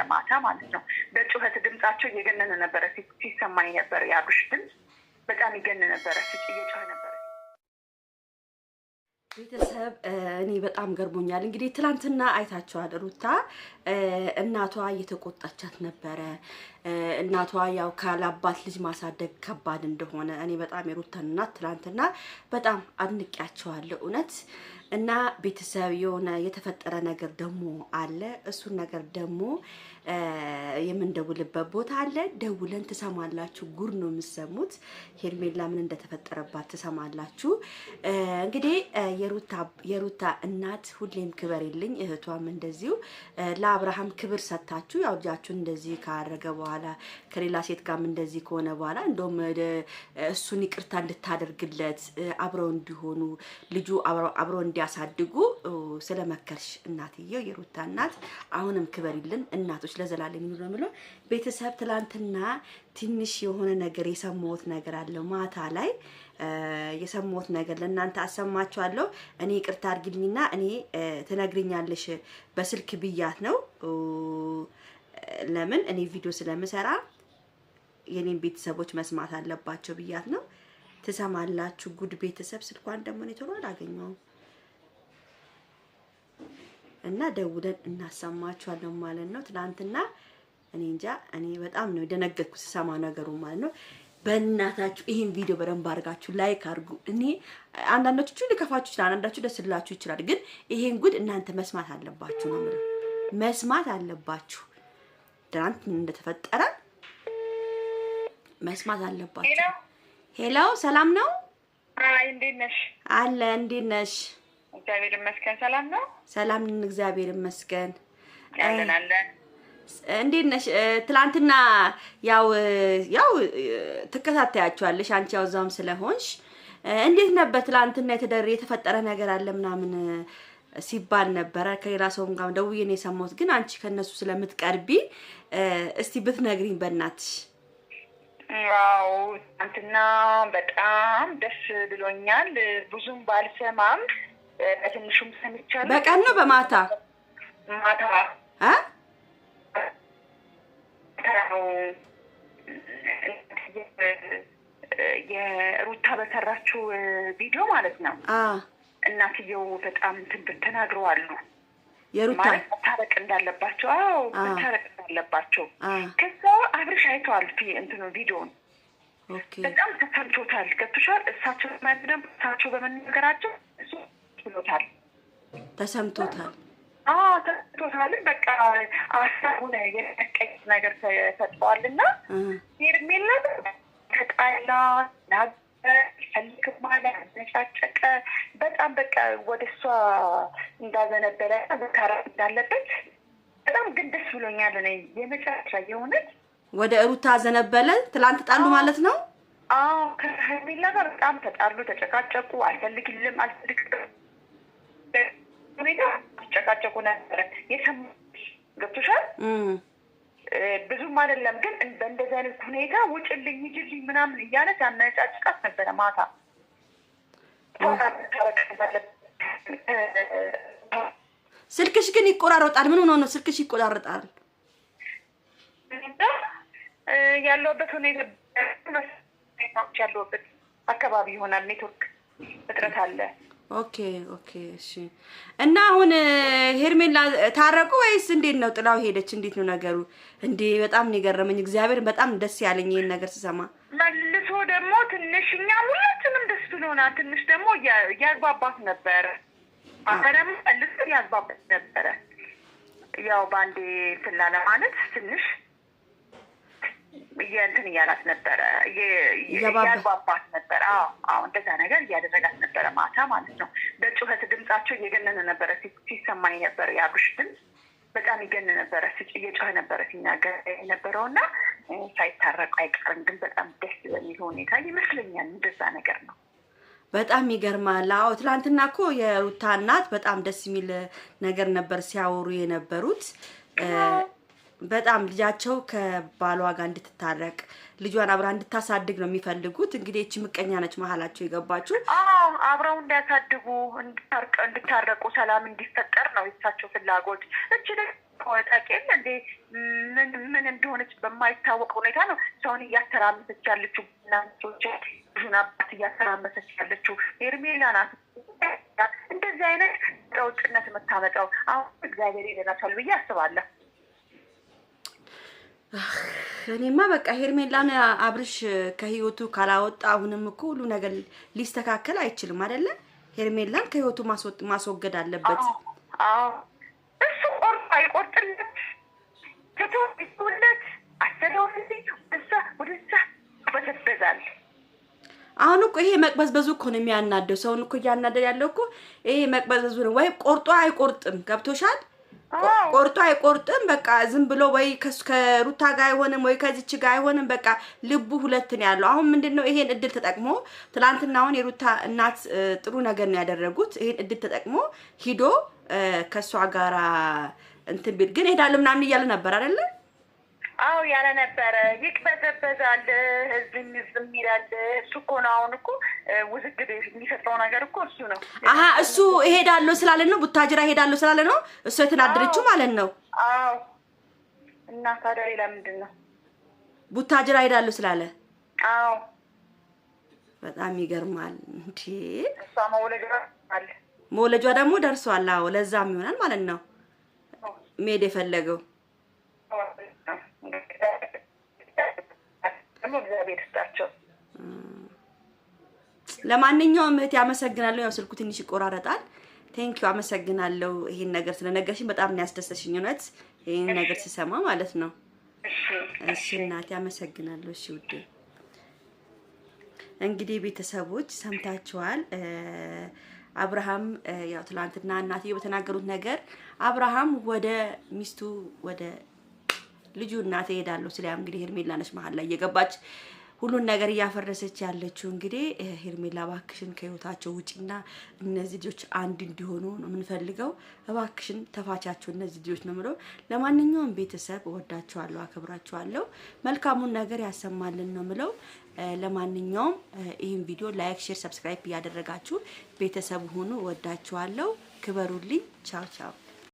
ነበረ ማታ ማለት ነው። በጩኸት ድምጻቸው እየገነነ ነበረ ሲሰማኝ ነበረ። የአብርሽ ድምፅ በጣም ይገን ነበረ፣ እየጮኸ ነበረ። ቤተሰብ እኔ በጣም ገርሞኛል። እንግዲህ ትላንትና አይታችኋል፣ ሩታ እናቷ እየተቆጣቻት ነበረ እናቷ ያው ካላባት ልጅ ማሳደግ ከባድ እንደሆነ እኔ በጣም የሩተን እናት ትናንትና በጣም አድንቄያቸዋለሁ እውነት እና ቤተሰብ የሆነ የተፈጠረ ነገር ደግሞ አለ። እሱን ነገር ደግሞ የምንደውልበት ቦታ አለ። ደውለን ትሰማላችሁ። ጉር ነው የምሰሙት። ሄርሜላ ምን እንደተፈጠረባት ትሰማላችሁ። እንግዲህ የሩታ እናት ሁሌም ክበር የለኝ እህቷም እንደዚሁ ለአብርሃም ክብር ሰጥታችሁ ያው ልጃችሁን እንደዚህ ካረገ። በኋላ በኋላ ከሌላ ሴት ጋርም እንደዚህ ከሆነ በኋላ እንደውም እሱን ይቅርታ እንድታደርግለት አብረው እንዲሆኑ ልጁ አብረው እንዲያሳድጉ ስለመከርሽ እናትየው የሩታ እናት አሁንም ክበሪልን እናቶች ለዘላለም ይኑሩ ነው ቤተሰብ ትላንትና ትንሽ የሆነ ነገር የሰማሁት ነገር አለው ማታ ላይ የሰማሁት ነገር ለእናንተ አሰማችኋለሁ። እኔ ይቅርታ አድርጊልኝና እኔ ትነግርኛለሽ በስልክ ብያት ነው ለምን እኔ ቪዲዮ ስለምሰራ የኔን ቤተሰቦች መስማት አለባቸው ብያት ነው። ትሰማላችሁ ጉድ ቤተሰብ። ስልኳን ደግሞ ኔትወርክ አላገኘውም እና ደውለን እናሰማችኋለን ማለት ነው። ትናንትና እኔ እንጃ እኔ በጣም ነው የደነገጥኩ ስሰማ ነገሩ ማለት ነው። በእናታችሁ ይህን ቪዲዮ በደንብ አድርጋችሁ ላይክ አድርጉ። እኔ አንዳንዳችሁ ሊከፋችሁ ይችላል፣ አንዳንዳችሁ ደስ ልላችሁ ይችላል። ግን ይሄን ጉድ እናንተ መስማት አለባችሁ ነው፣ መስማት አለባችሁ። ትናንት እንደተፈጠረ መስማት አለባቸው። ሄሎ፣ ሰላም ነው? አይ፣ እንዴት ነሽ? አለ፣ እንዴት ነሽ? እግዚአብሔር ይመስገን። ሰላም ነው? ሰላም ነን፣ እግዚአብሔር ይመስገን። አለን አለን። እንዴት ነሽ? ትናንትና ያው ያው ትከታተያቸዋለሽ አንቺ ያው እዛም ስለሆንሽ እንዴት ነበር ትላንትና? የተደረ የተፈጠረ ነገር አለ ምናምን ሲባል ነበረ። ከሌላ ሰውም ጋር ደውዬ ነው የሰማሁት። ግን አንቺ ከነሱ ስለምትቀርቢ እስቲ ብትነግሪኝ በእናትሽ። ዋው ትናንትና በጣም ደስ ብሎኛል። ብዙም ባልሰማም በትንሹም ሰምቻለሁ። በቀን ነው በማታ ማታ የሩታ በሰራችው ቪዲዮ ማለት ነው እናትየው በጣም ትንብት ተናግረዋሉ። የሩታ መታረቅ እንዳለባቸው አዎ መታረቅ እንዳለባቸው። ከዛ አብርሽ አይተዋል እንትኑ ቪዲዮን በጣም ተሰምቶታል። ገብቶሻል። እሳቸው ማለትደም እሳቸው በመናገራቸው እሱ ብሎታል፣ ተሰምቶታል፣ ተሰምቶታል። በቃ አሳቡን የቀይ ነገር ተፈጥሯል እና ሄርሜላ ተጣላ ፈልክ በኋላ አነጫጨቀ። በጣም በቃ ወደ እሷ እንዳዘነበለ በካራ እንዳለበት በጣም ግን ደስ ብሎኛል። ነ የመጨረሻ የሆነች ወደ እሩታ ዘነበለ። ትላንት ጣሉ ማለት ነው። አዎ ከሚላ ጋር በጣም ተጣሉ፣ ተጨቃጨቁ። አልፈልግልም አልፈልግ ሁኔታ ተጨቃጨቁ ነበረ የሰማ ገብቶሻል ብዙም አይደለም ግን በእንደዚህ አይነት ሁኔታ ውጭልኝ ሂጂልኝ ምናምን እያለ ሲያመነጫጭቃት ነበረ። ማታ ስልክሽ ግን ይቆራረጣል። ምን ሆኖ ነው ስልክሽ ይቆራረጣል? ያለበት ሁኔታ ያለሁበት አካባቢ ይሆናል ኔትወርክ እጥረት አለ። ኦኬ ኦኬ እሺ። እና አሁን ሄርሜላ ታረቁ ወይስ እንዴት ነው? ጥላው ሄደች? እንዴት ነው ነገሩ? እንዴ በጣም ነው የገረመኝ። እግዚአብሔር በጣም ደስ ያለኝ ይሄን ነገር ስሰማ። መልሶ ደግሞ ትንሽ እኛ ሁላችንም ደስ ብሎናል። ትንሽ ደግሞ ያግባባት ነበረ አረም መልሶ ያግባባት ነበረ። ያው በአንዴ እንትን ማለት ትንሽ እንትን እያላት ነበረ እያግባባት ነበረ። አሁ እንደዛ ነገር እያደረጋት ነበረ ማታ ማለት ነው። በጩኸት ድምጻቸው እየገነነ ነበረ ሲሰማኝ ነበር የአብርሽ ድምፅ በጣም ይገን ነበረ፣ ስጭ እየጮኸ ነበረ ሲናገር የነበረው እና ሳይታረቁ አይቀርም። ግን በጣም ደስ በሚል ሁኔታ ይመስለኛል እንደዛ ነገር ነው። በጣም ይገርማል። አዎ ትላንትና እኮ የሩታ እናት በጣም ደስ የሚል ነገር ነበር ሲያወሩ የነበሩት። በጣም ልጃቸው ከባሏ ጋር እንድትታረቅ ልጇን አብራ እንድታሳድግ ነው የሚፈልጉት። እንግዲህ እቺ ምቀኛ ነች መሀላቸው የገባችው። አብረው እንዲያሳድጉ እንድታረቁ፣ ሰላም እንዲፈጠር ነው የሳቸው ፍላጎት። እች ጠቄም እንዴ ምን ምን እንደሆነች በማይታወቅ ሁኔታ ነው ሰውን እያተራመሰች ያለችው። ናቶች ብዙን አባት እያተራመሰች ያለችው ሄርሜላ ናት። እንደዚህ አይነት ጠውጭነት የምታመጣው አሁን እግዚአብሔር ይደናቷል ብዬ አስባለሁ። እኔማ በቃ ሄርሜላን አብርሽ ከህይወቱ ካላወጣ አሁንም እኮ ሁሉ ነገር ሊስተካከል አይችልም አይደለ? ሄርሜላን ከህይወቱ ማስወገድ አለበት። እሱ ቆርጦ አይቆርጥለት ትቶለት አስተዳውት እዛ ወደዛ ወደዛ በዘበዛል። አሁን እኮ ይሄ መቅበዝበዙ እኮ ነው የሚያናደው። ሰውን እኮ እያናደድ ያለው እኮ ይሄ መቅበዝበዙ ነው። ወይም ቆርጦ አይቆርጥም። ገብቶሻል? ቆርጦ አይቆርጥም። በቃ ዝም ብሎ ወይ ከሩታ ጋር አይሆንም ወይ ከዚች ጋር አይሆንም። በቃ ልቡ ሁለት ነው ያለው። አሁን ምንድን ነው ይሄን እድል ተጠቅሞ ትናንትና አሁን የሩታ እናት ጥሩ ነገር ነው ያደረጉት። ይሄን እድል ተጠቅሞ ሂዶ ከእሷ ጋራ እንትን ቢል ግን ሄዳለሁ ምናምን እያለ ነበር አይደለም አዎ ያለ ነበረ ይቅበዘበዛል፣ ህዝብ ዝም ይላል። እሱ እኮ ነው አሁን እኮ ውዝግብ የሚፈጥረው ነገር እኮ እሱ ነው። አሀ እሱ እሄዳለሁ ስላለ ነው፣ ቡታጅራ እሄዳለሁ ስላለ ነው እሱ የተናደደችው ማለት ነው። አዎ እና ታዲያ ሌላ ምንድን ነው? ቡታጅራ እሄዳለሁ ስላለ አዎ። በጣም ይገርማል። እንዲ እሷ መውለጇ መውለጇ ደግሞ ደርሷል። አዎ ለዛም ይሆናል ማለት ነው ሜድ የፈለገው ደግሞ እግዚአብሔር ይስጣቸው። ለማንኛውም እህት ያመሰግናለሁ። ያው ስልኩ ትንሽ ይቆራረጣል። ቴንኪዩ አመሰግናለሁ። ይሄን ነገር ስለነገርሽኝ በጣም ነው ያስደሰሽኝ። እውነት ይሄን ነገር ስሰማ ማለት ነው። እሺ እናቴ አመሰግናለሁ። እሺ ውዴ እንግዲህ ቤተሰቦች ሰምታችኋል። አብርሃም ያው ትላንትና እናትዬ በተናገሩት ነገር አብርሃም ወደ ሚስቱ ወደ ልጁ እናቴ ሄዳለሁ ስለ እንግዲህ ሄርሜላ ነች መሀል ላይ እየገባች ሁሉን ነገር እያፈረሰች ያለችው እንግዲህ ሄርሜላ እባክሽን ከህይወታቸው ውጪና እነዚህ ልጆች አንድ እንዲሆኑ ነው የምንፈልገው። እባክሽን ተፋቻቸው እነዚህ ልጆች ነው ምለው። ለማንኛውም ቤተሰብ ወዳቸዋለሁ፣ አከብራቸዋለሁ። መልካሙን ነገር ያሰማልን ነው ምለው። ለማንኛውም ይህን ቪዲዮ ላይክ፣ ሼር፣ ሰብስክራይብ እያደረጋችሁ ቤተሰብ ሁኑ። ወዳቸዋለሁ። ክበሩልኝ። ቻው ቻው።